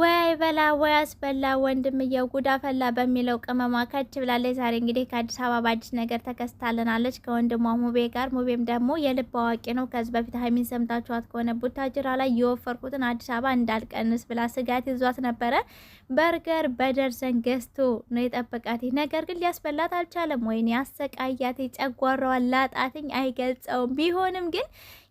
ወይ በላ ወይ አስበላ ወንድምየው ጉዳ ፈላ በሚለው ቅመሟ ከች ብላለች። ዛሬ እንግዲህ ከአዲስ አበባ በአዲስ ነገር ተከስታልናለች ከወንድሟ ሙቤ ጋር። ሙቤም ደግሞ የልብ አዋቂ ነው። ከዚህ በፊት ሀይሚን ሰምታችኋት ከሆነ ቡታጅራ ላይ የወፈርኩትን አዲስ አበባ እንዳልቀንስ ብላ ስጋት ይዟት ነበረ። በርገር በደርዘን ገዝቶ ነው የጠበቃት። ነገር ግን ሊያስበላት አልቻለም። ወይኔ አሰቃያት፣ ጨጓራዋን ላጣትኝ አይገልጸውም። ቢሆንም ግን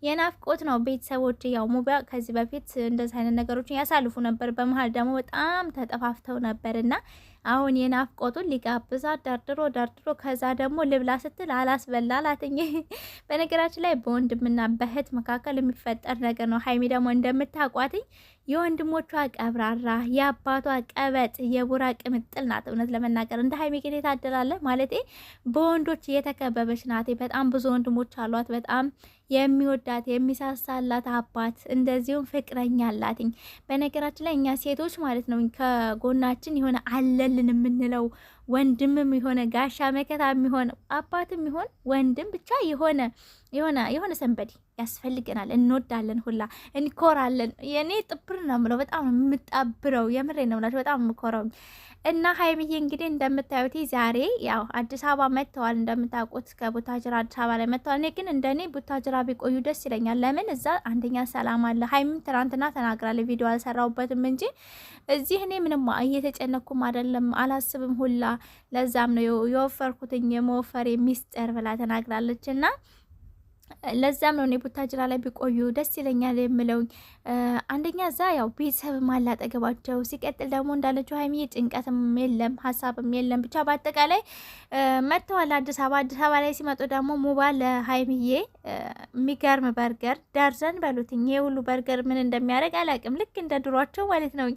የናፍቆት ነው። ቤተሰቦች ያው ሙቢያ ከዚህ በፊት እንደዚህ አይነት ነገሮችን ያሳልፉ ነበር። በመሀል ደግሞ በጣም ተጠፋፍተው ነበር እና አሁን የናፍቆቱን ሊጋብዛት ደርድሮ ደርድሮ ከዛ ደግሞ ልብላ ስትል አላስበላ አላትኝ። በነገራችን ላይ በወንድምና በእህት መካከል የሚፈጠር ነገር ነው። ሀይሚ ደግሞ እንደምታቋትኝ የወንድሞቿ ቀብራራ፣ የአባቷ ቀበጥ፣ የቡራ ቅምጥል ናት። እውነት ለመናገር እንደ ሀይሚ ግን የታደላለ ማለት በወንዶች እየተከበበች ናት። በጣም ብዙ ወንድሞች አሏት። በጣም የሚወዳት የሚሳሳላት አባት እንደዚሁም ፍቅረኛ አላትኝ። በነገራችን ላይ እኛ ሴቶች ማለት ነው ከጎናችን የሆነ አለል يقللن منه لو ወንድምም የሆነ ጋሻ መከታ የሚሆን አባትም ይሆን ወንድም ብቻ የሆነ የሆነ የሆነ ሰንበዴ ያስፈልገናል። እንወዳለን፣ ሁላ እንኮራለን። የእኔ ጥብር ነው ምለው በጣም የምጣብረው የምሬ ነው ምላቸው በጣም የምኮረው እና ሀይሚዬ እንግዲህ እንደምታዩት ዛሬ ያው አዲስ አበባ መጥተዋል። እንደምታውቁት ከቡታጅራ አዲስ አበባ ላይ መጥተዋል። እኔ ግን እንደኔ ቡታጅራ ቢቆዩ ደስ ይለኛል። ለምን እዛ አንደኛ ሰላም አለ። ሀይሚም ትናንትና ተናግራለች፣ ቪዲዮ አልሰራሁበትም እንጂ እዚህ እኔ ምንም እየተጨነኩም አይደለም አላስብም ሁላ ለዛም ነው የወፈርኩትኝ የመወፈር ሚስጥር ብላ ተናግራለች እና ለዛም ነው እኔ ቡታጅራ ላይ ቢቆዩ ደስ ይለኛል የምለውኝ። አንደኛ እዛ ያው ቤተሰብ ማላጠገባቸው፣ ሲቀጥል ደግሞ እንዳለችው ሀይሚዬ ጭንቀትም የለም ሀሳብም የለም። ብቻ በአጠቃላይ መጥተዋል አዲስ አበባ። አዲስ አበባ ላይ ሲመጡ ደግሞ ሙባ ለሀይሚዬ የሚገርም በርገር ደርዘን በሉትኝ። ይሄ ሁሉ በርገር ምን እንደሚያደርግ አላውቅም። ልክ እንደ ድሯቸው ማለት ነው።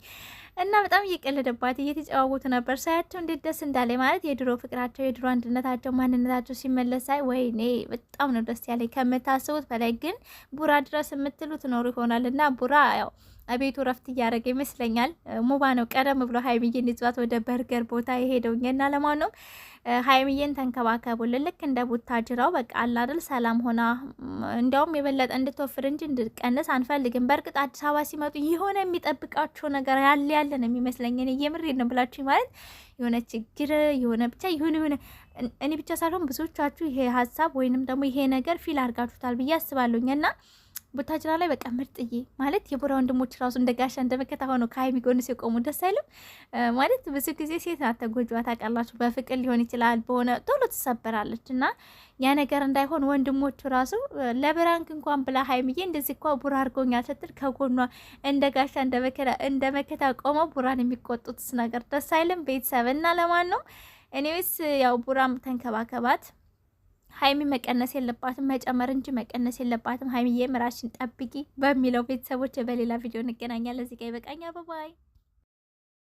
እና በጣም እየቀለደባት እየተጨዋወቱ ነበር። ሳያቸው እንዴት ደስ እንዳለ ማለት የድሮ ፍቅራቸው፣ የድሮ አንድነታቸው፣ ማንነታቸው ሲመለስ ሳይ ወይኔ በጣም ነው ደስ ያለኝ ከምታስቡት በላይ። ግን ቡራ ድረስ የምትሉ ትኖሩ ይሆናል እና ቡራ ያው ቤቱ ረፍት እያደረገ ይመስለኛል። ሙባ ነው ቀደም ብሎ ሀይሚዬን ይዟት ወደ በርገር ቦታ የሄደውኛና ለማንም ሀይሚዬን ተንከባከቡልን። ልክ እንደ ቡታጅራው በቃ አላደል ሰላም ሆና እንዲያውም የበለጠ እንድትወፍር እንጂ እንድትቀንስ አንፈልግም። በእርግጥ አዲስ አበባ ሲመጡ የሆነ የሚጠብቃቸው ነገር ያለ ያለ ነው የሚመስለኝ። እኔ የምሬ ነው ብላችሁ ማለት የሆነ ችግር የሆነ ብቻ የሆነ የሆነ እኔ ብቻ ሳልሆን ብዙዎቻችሁ ይሄ ሀሳብ ወይንም ደግሞ ይሄ ነገር ፊል አድርጋችሁታል ብዬ አስባለሁኝ እና ቡታጅራ ላይ በቃ ምርጥዬ ማለት የቡራ ወንድሞች ራሱ እንደ ጋሻ እንደ መከታ ሆኖ ከሀይሚ ጎን ሲቆሙ ደስ አይልም ማለት። ብዙ ጊዜ ሴት ናት ተጎጂዋ ታውቃላችሁ። በፍቅር ሊሆን ይችላል በሆነ ቶሎ ትሰበራለች እና ያ ነገር እንዳይሆን ወንድሞቹ ራሱ ለብራንክ እንኳን ብላ ሀይሚዬ እንደዚህ እኳ ቡራ አድርጎኛል ስትል ከጎኗ እንደ ጋሻ እንደ መከታ እንደ መከታ ቆመው ቡራን የሚቆጡት ነገር ደስ አይልም። ቤተሰብ እና ለማን ነው እኔስ ያው ቡራም ተንከባከባት ሀይሚ መቀነስ የለባትም መጨመር እንጂ መቀነስ የለባትም። ሀይሚዬ ምራችን ጠብቂ በሚለው ቤተሰቦች በሌላ ቪዲዮ እንገናኛለን። እዚህ ጋ ይበቃኛ። ባይ